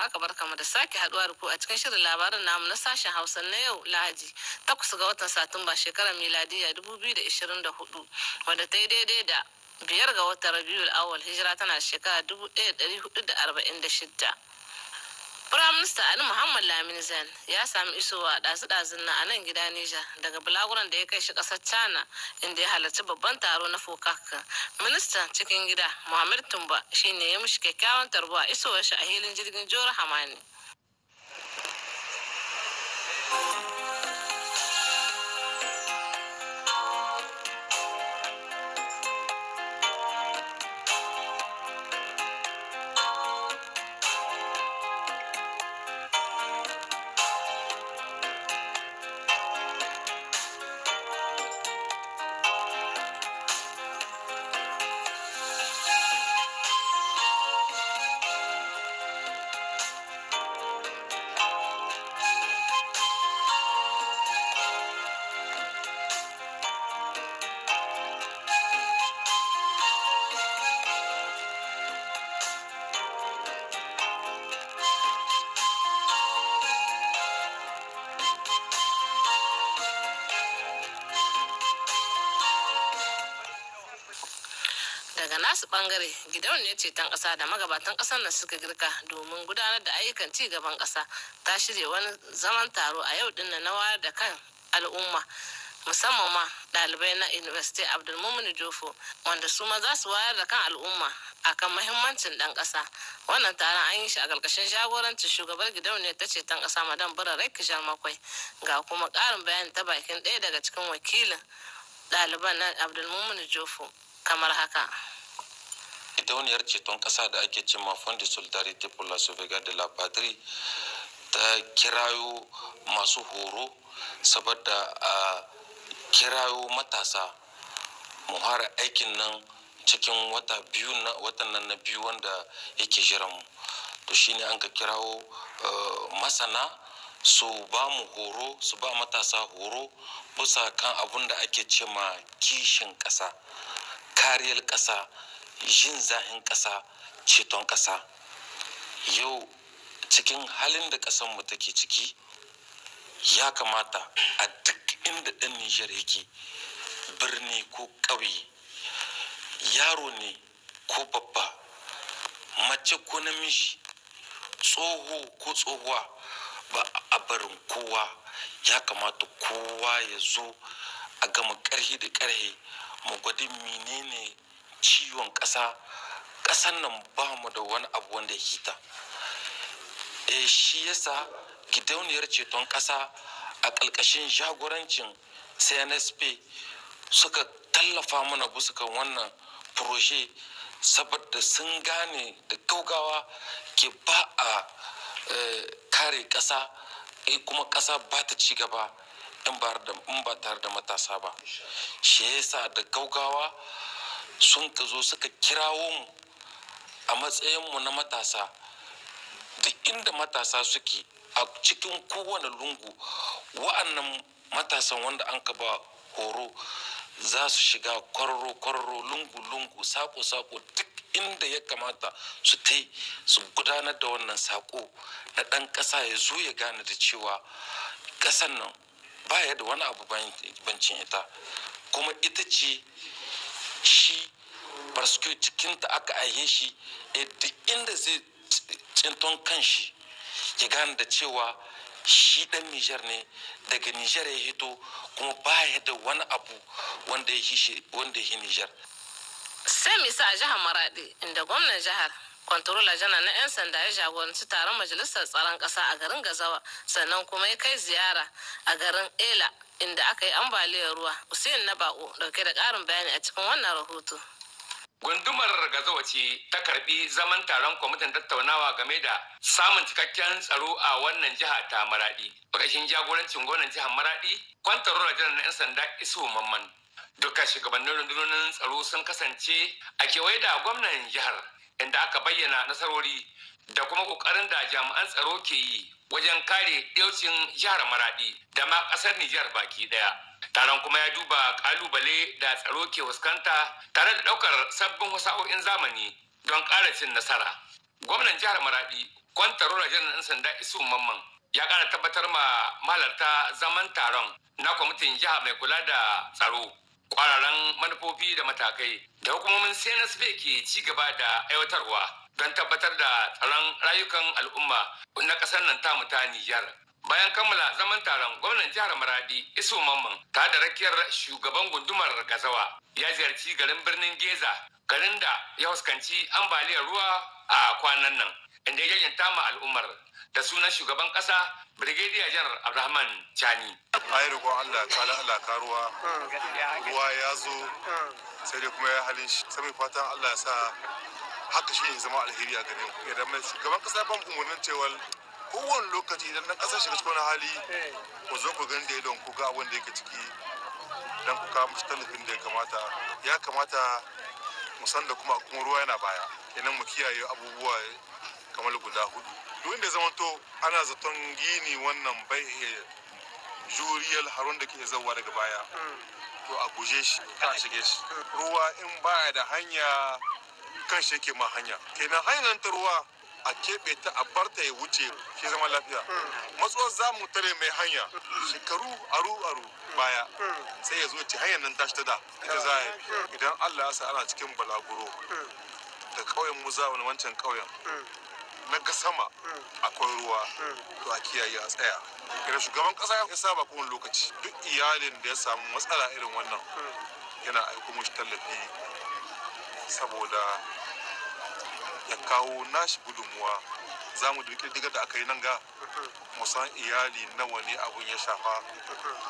haka barkamu da sake haduwa da ku a cikin shirin labarin namu na sashen Hausa na yau Lahadi takwas ga watan Satumba shekarar miladiya 2024 wanda ta yi daidai da biyar ga watan Rabiul awal hijira tana shekara 1446. firaminista Ali Muhammad Lamin Zain ya sami isowa ɗazu-ɗazun na a nan gida Nija daga bulaguran da ya kai shi ƙasar China inda ya halarci babban taro na Fokaka. Ministan cikin gida Muhammad Tumba shi ne ya mishi kyakkyawan tarbo a isowar shi a hilin jirgin Jora Hamani. daga nasu bangare ce ceton kasa da magabatan kasar nan suka girka domin gudanar da ayyukan ci gaban kasa ta shirya wani zaman taro a yau dinnan na wayar da kan al'umma musamman ma dalibai na university abdulmumin jofo wanda su ma za su wayar da kan al'umma akan mahimmancin dan kasa wannan taron an yi shi a ƙarƙashin jagorancin shugabar gidauniyar ta ce tan ƙasa madan bura raiki makwai ga kuma ƙarin bayani ta bakin ɗaya daga cikin wakilin ɗaliban na abdulmumin jofo kamar haka gidauniyar ceton ƙasa da ake cimma fondi solidarity pour la sauvegarde de la patrie ta kirayo masu horo saboda a kirayo matasa mu fara aikin nan cikin wata biyu na watan nan na biyu wanda yake jiran mu to shine an ka kirawo masana su ba mu horo su ba matasa horo bisa kan abun da ake cema kishin ƙasa kariyar ƙasa Yin zahin ƙasa ceton ƙasa yau cikin halin da ƙasanmu take ciki ya kamata a duk inda ɗan nijar yake birni ko ƙauye yaro ne ko babba mace ko namiji tsoho ko tsohuwa ba a barin kowa ya kamata kowa ya zo a gama ƙarhi da ƙarhe mu gwada menene ciwon ƙasa ƙasan nan ba mu da wani abu wanda ya hita e shi yasa gidauniyar ceton ƙasa a ƙalƙashin jagorancin cnsp suka tallafa mana busukan wannan proje saboda sun gane da gaugawa ke ba a eh, kare ƙasa eh, kuma ƙasa ba ta ci gaba in ba tare da matasa ba shi yasa da gaugawa sun ka zo suka kirawo mu a matsayinmu na matasa duk inda matasa suke a cikin kowane lungu wa'annan matasan wanda an ba horo za su shiga kwarro kwarro lungu-lungu sako-sako duk inda ya kamata su ta su gudanar da wannan sako na ɗan ƙasa ya zo ya gane da cewa ƙasan nan baya da wani abu bancin ita kuma ita ce shi cikin cikinta aka aihe shi eh, duk inda zai kan kanshi ya gane da cewa shi dan Nijar ne daga Nijar ya hito kuma baya da wani abu wanda ya yi Nijar. Sai misa a jihar Maradi inda gwamnan jihar kwantarola jana na 'yan sanda ya jagoranci taron majalisar tsaron kasa a garin gazawa sannan kuma ya kai ziyara a garin ela inda aka yi ambaliyar ruwa usain na bako dauke da ƙarin bayani a cikin wannan rahoto Gundumar Gazawa ce ta karbi zaman taron kwamitin tattaunawa game da samun cikakken tsaro a wannan jiha ta Maradi. Bakashin jagorancin gwamnan jihar Maradi, kwantarola rajanar na 'yan sanda Isu Mamman. Duka shugabannin rundunonin tsaro sun kasance a kewaye da gwamnan jihar inda aka bayyana nasarori da kuma kokarin da jami'an tsaro ke yi wajen kare ɗaucin jihar maradi da ma ƙasar Nijar baki ɗaya. Taron kuma ya duba ƙalubale da tsaro ke fuskanta tare da ɗaukar sabbin wasa'o'in zamani don kara cin nasara. Gwamnan jihar Maradi, kwantarola janar sanda Isu Mamman ya ƙara tabbatar ma malarta zaman taron na kwamitin jiha mai kula da tsaro kwararan manufofi da matakai da hukumomin CNSP ke ci gaba da aiwatarwa don tabbatar da tsaron rayukan al'umma na ƙasar nan ta ta Nijar. Bayan kammala zaman taron gwamnan jihar Maradi iso Mamman ta da rakiyar shugaban gundumar Gazawa ya ziyarci garin birnin Geza garin da ya fuskanci ambaliyar ruwa a kwanan nan inda ya yanta ma al'ummar da sunan shugaban kasa brigadier janar abdulrahman chani ayi rigon allah ta lalata karuwa ruwa ya zo sai dai kuma ya halin shi sai fatan allah ya sa haka shi zama alheri a gare mu idan mai shugaban kasa ban umarnin cewa kowane lokaci idan na kasa shiga cikin hali ku zo ku gani da idon ku ga abin da yake ciki dan ku kawo musu tallafin da ya kamata ya kamata mu san da kuma kuma ruwa yana baya idan mu kiyaye abubuwa kamar guda hudu duk da to ana zaton gini wannan bai iya juriyar haron da ke zauwa daga baya to a guje shi a shige shi ruwa in baya da hanya kan shi yake ma hanya kenan hanyar ta ruwa a keɓe ta a barta ya wuce ke zama lafiya matsuwar zamu mu tare mai hanya shekaru aru aru baya sai ya zo ci hanyar nan tashi ta da ita za a yi idan allah ya sa ana cikin balaguro da ƙauyen mu za wancan ƙauyen na ga sama akwai ruwa to a kiyaye a tsaya idan shugaban kasa ya saba kowane lokaci duk iyalin da ya samu matsala irin wannan yana aiko mushi tallafi saboda ya kawo nashi gudunmuwa za mu duk diga da aka yi nan ga musan iyali nawa ne abun ya shafa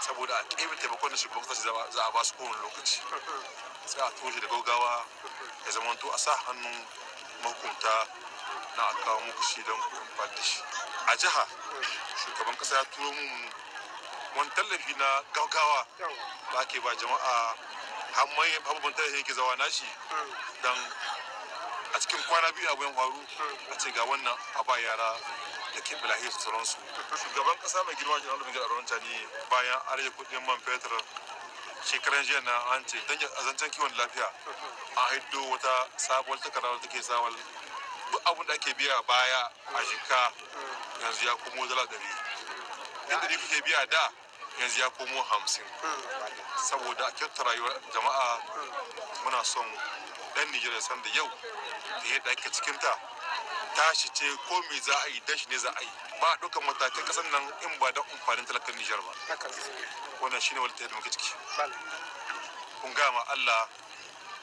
saboda a ƙebe taimakon da shugaban kasa za a ba su kowane lokaci sai a toshe da gaugawa ya zamanto a sa hannun mahukunta na kawo muku shi don ku amfani shi a jiha shugaban kasa ya turo mu wani tallafi na gaugawa ba ke ba jama'a hamman abubuwan tallafi yake zawa shi. don a cikin kwana biyu abu yan faru a ce ga wannan a ba yara da ke bilahi su su shugaban kasa mai girma jiran alubin jihar ne bayan an rage man fetur shekaran jiya na an ce don azancan kiwon lafiya a haido wata sabuwar takarda da take sawal duk abin da ake biya baya a jika yanzu ya komo dala ɗari inda ne kuke biya da yanzu ya komo hamsin saboda a kyautar rayuwar jama'a muna son dan nijar san da yau da yadda ake cikinta tashi ce ko me za a yi dashi ne za a yi ba dukkan matakan kasan nan in ba da amfanin talakan Nijar ba. Wannan shine walta da muke ciki. Kun gama Allah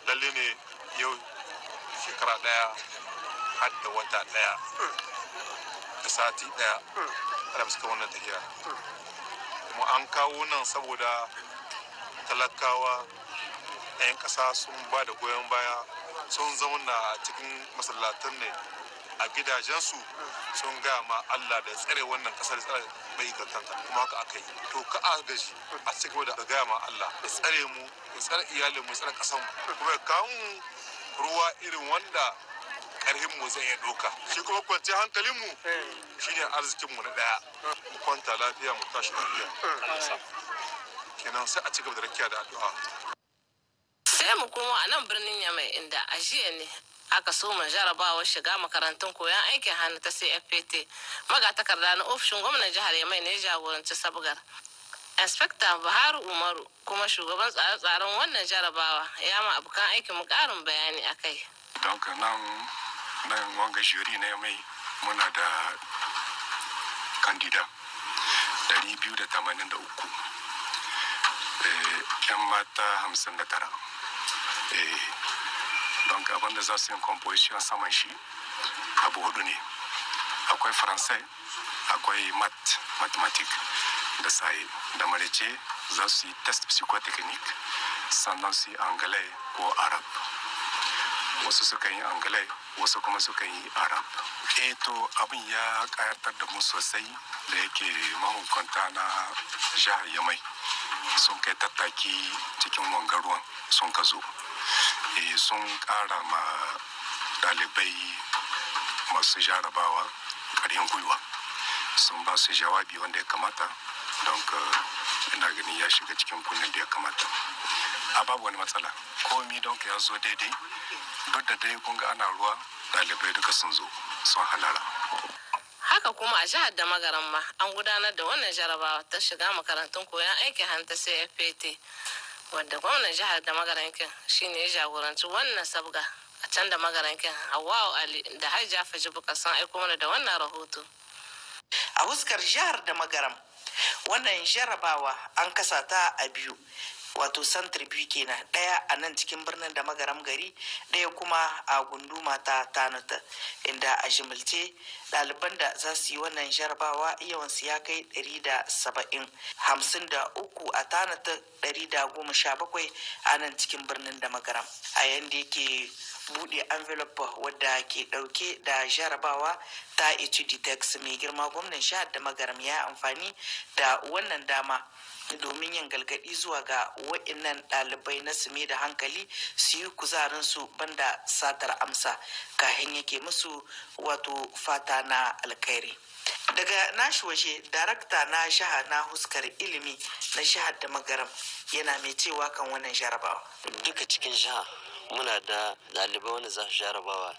lalle ne yau shekara daya har da wata ɗaya da sati ɗaya ana suka wannan tafiya kuma an kawo nan saboda talakawa 'yan ƙasa sun ba da goyon baya sun zauna a cikin masallatan ne a gidajensu sun gaya ma Allah da tsare wannan kasar tsare mai kankanta kuma haka aka yi to ka a gaji a cikin gaba da gaya ma Allah da tsare mu da tsare iyalin mu tsare kasan mu kuma ya kawo ruwa irin wanda karhin mu zai iya doka shi kuma kwanci hankalin mu shine arzikin mu na daya mu kwanta lafiya mu tashi lafiya kenan sai a ci gaba da rakiya da addu'a sai mu koma a nan birnin yamma inda a jiya ne aka so mu jarabawar shiga makarantun koyon aikin hannu ta cfpt magatakarda na ofishin gwamnan jihar yamma ne jagoranci sabgar inspector buhari umaru kuma shugaban tsare-tsaren wannan jarabawa ya ma abokan aikin mu karin bayani akai don nan wanga shiri na mai muna da kandida 283 yan mata 59 eh, don gaban da za su yin composition saman shi abu hudu ne akwai faransai akwai mat mathematic da saye da marice za su yi test psychotechnique sannan su yi angalai ko arab wasu suka yi angalai wasu kuma suka yi arab eh to abin ya kayatar da mu sosai da yake mahukunta na jihar yamai sun kai tattaki cikin wangaruwan sun ka zo eh, sun kara ma dalibai masu jarabawa karin gwiwa sun ba su jawabi wanda ya kamata don ina ganin ya shiga cikin kunnen da ya kamata a babu wani matsala komi don ya zo daidai duk da dai kun ga ana ruwa ɗalibai duka sun zo sun halara haka kuma a jihar da magaran ma an gudanar da wannan jarabawa ta shiga makarantun koyon aikin hanta cfpt wadda gwamnan jihar da Magaran kin shine ya jagoranci wannan sabga a can da magaran kin hawawu ali da har jafa jibuka sun aiko mana da wannan rahoto a huskar jihar da magaran, wannan jarabawa an kasa ta a biyu wato santri biyu kenan ɗaya a nan cikin birnin da magaram gari ɗaya kuma a gunduma ta tanata inda a jimilce ɗaliban da za su yi wannan jarabawa yawansu ya kai ɗari da saba'in hamsin da uku a tanata ɗari da goma sha bakwai a nan cikin birnin da magaram a yanda yake buɗe envelope wadda ke ɗauke da jarabawa ta etudidex mai girma gwamnan sha da magaram ya amfani da wannan dama domin yin galgadi zuwa ga wa'innan ɗalibai na su da hankali su yi kuzarin su banda satar amsa kahin yake musu wato fata na alkhairi. daga nashi waje darakta na jiha na huskar ilimi na shahar da magaram yana mai cewa kan wannan jarabawa duka cikin jiha muna da ɗalibai wanda za su jarabawa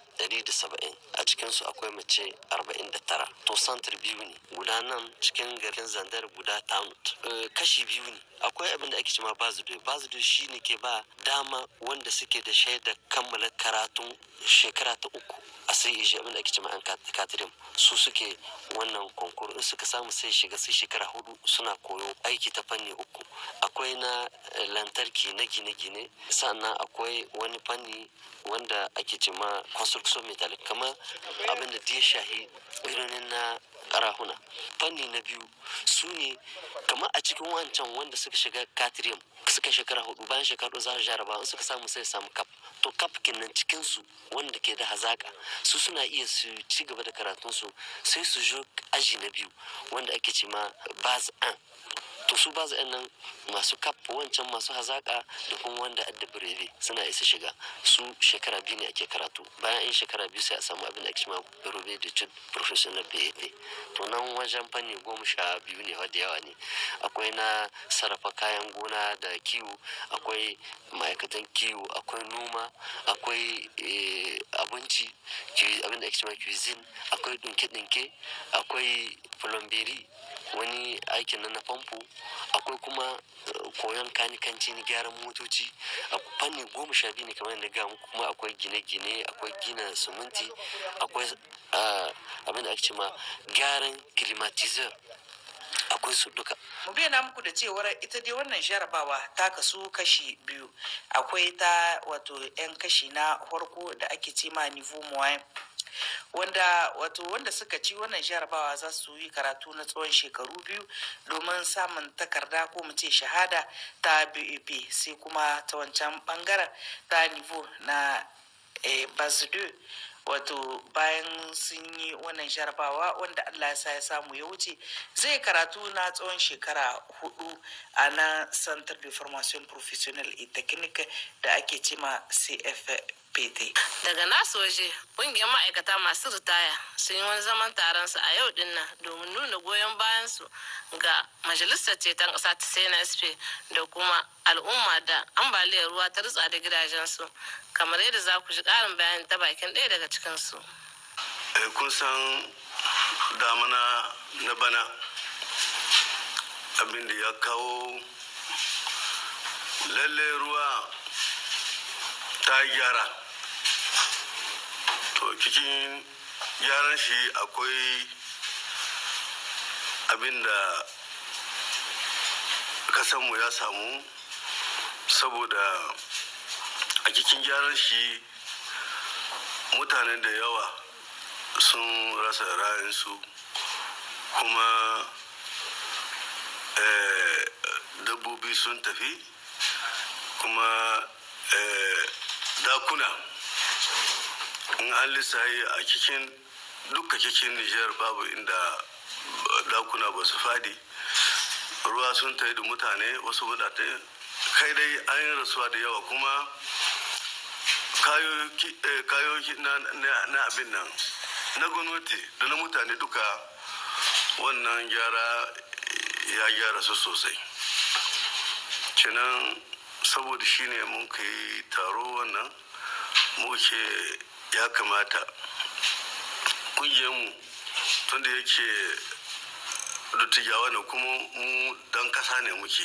da saba'in a cikinsu akwai mace arba'in da tara to santar biyu ne guda nan cikin garin zandar guda tanut eh, kashi biyu ne akwai abin da ake cima bazido bazido shi ne ke ba dama wanda suke da shaida kammala karatun shekara ta uku a sai ishe abin da ake cima an katirin su suke wannan konkur in suka samu sai shiga sai shekara hudu suna koyo aiki ta fanni uku akwai na eh, lantarki na gine-gine sannan akwai wani wani fanni wanda ake ce ma construction metallic kamar abin da ya shahi birnin na karahuna fanni na biyu su ne kamar a cikin wancan wanda suka shiga katrium suka shekara hudu bayan shekaru za su jaraba in suka samu sai samu kap to kap kinan cikin su wanda ke da hazaka su suna iya su ci gaba da karatunsu sai su zo aji na biyu wanda ake ce ma baz an to su ba nan masu kaf wancan masu hazaka da kuma wanda adda birebe suna isa shiga su shekara biyu ne ake karatu bayan in shekara biyu sai a samu abin da ake cewa birebe da cin professional BAP e to nan wajen fanni goma sha biyu ne wadda yawa ne akwai na sarrafa kayan gona da kiwo akwai ma'aikatan kiwo akwai noma akwai eh, abinci abin da ake cuisine akwai dinke-dinke akwai plumberi wani aikin na famfo akwai kuma eh, koyon kanikanci na gyaran motoci a fanni goma sha biyu ne kamar yadda ga muku kuma akwai gine-gine akwai gina suminti akwai ah, abin da ake cewa gyaran climatizer akwai su duka. Mu bayyana muku da cewar ita dai wannan jarabawa ta kasu kashi biyu akwai ta wato 'yan kashi na farko da ake ce ma nivo wanda wato wanda suka ci wannan jarabawa za su yi karatu na tsawon shekaru biyu domin samun takarda ko mu ce shahada ta BEP sai kuma ta wancan bangaren ta nivo na eh, wato bayan sun yi wannan jarabawa wanda allah ya ya samu ya wuce zai karatu na tsawon shekara hudu a na centre de formation professionnel et technique da ake cima cfpt daga nasu waje ƙungiyar ma'aikata masu ritaya sun yi wani zaman taron su a yau din domin nuna goyon bayansu ga majalisar ceton ƙasa ta cnsp da kuma al'umma da ambaliyar ruwa ta rutsa da gidajensu kamar yadda za ku ji ƙarin bayani ta bakin ɗaya daga cikinsu. Eh, kun san damana na bana abin da ya kawo lalle ruwa ta gyara to cikin gyaran shi akwai abinda kasanmu ya samu saboda a cikin gyaran shi mutane da yawa sun rasa ra'ayinsu kuma eh, dabbobi sun tafi kuma eh, dakuna in an lissaye a cikin duka cikin nijar babu inda dakuna ba su fadi ruwa sun tafi da mutane wasu wadatai. kai dai an yi rasuwa da yawa kuma kayoyi eh, na abin nan na gwamnati da na mutane duka wannan gyara ya gyara su sosai kenan saboda shine mun ka taro wannan muke ya kamata kungiyarmu tunda yake dutigawa ne kuma mu dan kasa ne muke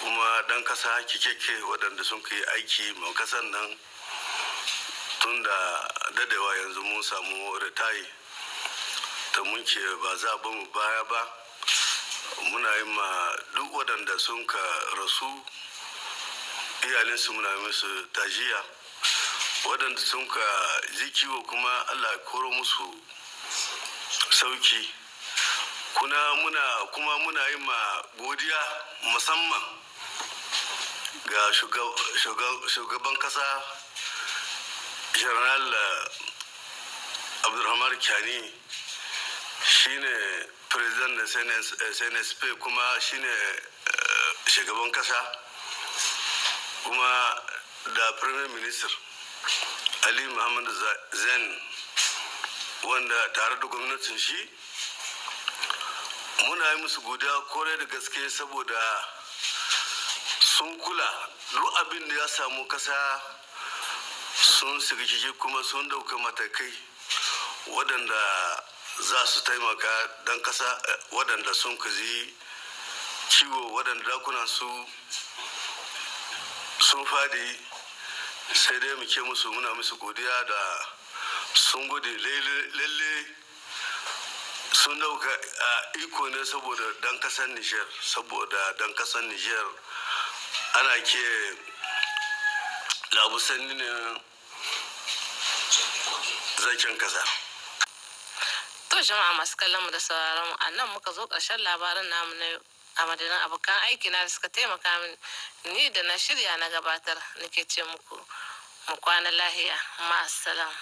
kuma dan kasa kikeke waɗanda sun kai aiki mai kasan nan Tunda da dadewa yanzu mun samu ritayi ta mun ce ba za ba mu baya ba muna yi ma duk waɗanda sun ka rasu iyalinsu muna yi musu tajiya waɗanda sun ka ji kiwo kuma allah koro musu sauki kuna muna kuma muna yi ma godiya musamman ga shugaban kasa general eh, abdulrahman kyani shine president na snsp eh, kuma shine eh, shugaban kasa kuma da premier minister ali muhammadu zain wanda tare da gwamnatin shi muna yi musu guda kore da gaske saboda sun kula duk abin da ya samu kasa sun sirkice kuma sun dauka matakai waɗanda za su taimaka don kasa waɗanda sun kazi ciwo waɗanda dakunan su sun fadi sai dai muke musu muna musu godiya da sun gode lalle sun dauka iko ne saboda dan kasar niger saboda dan kasar niger ana ke labusan ne zakin kasa to jama'a masu kallon mu da sauraron a nan muka zo karshen labarin namu na yau a madadin abokan aiki na da suka taimaka min ni da na shirya na gabatar nake ce muku mu kwana lahiya ma'asalam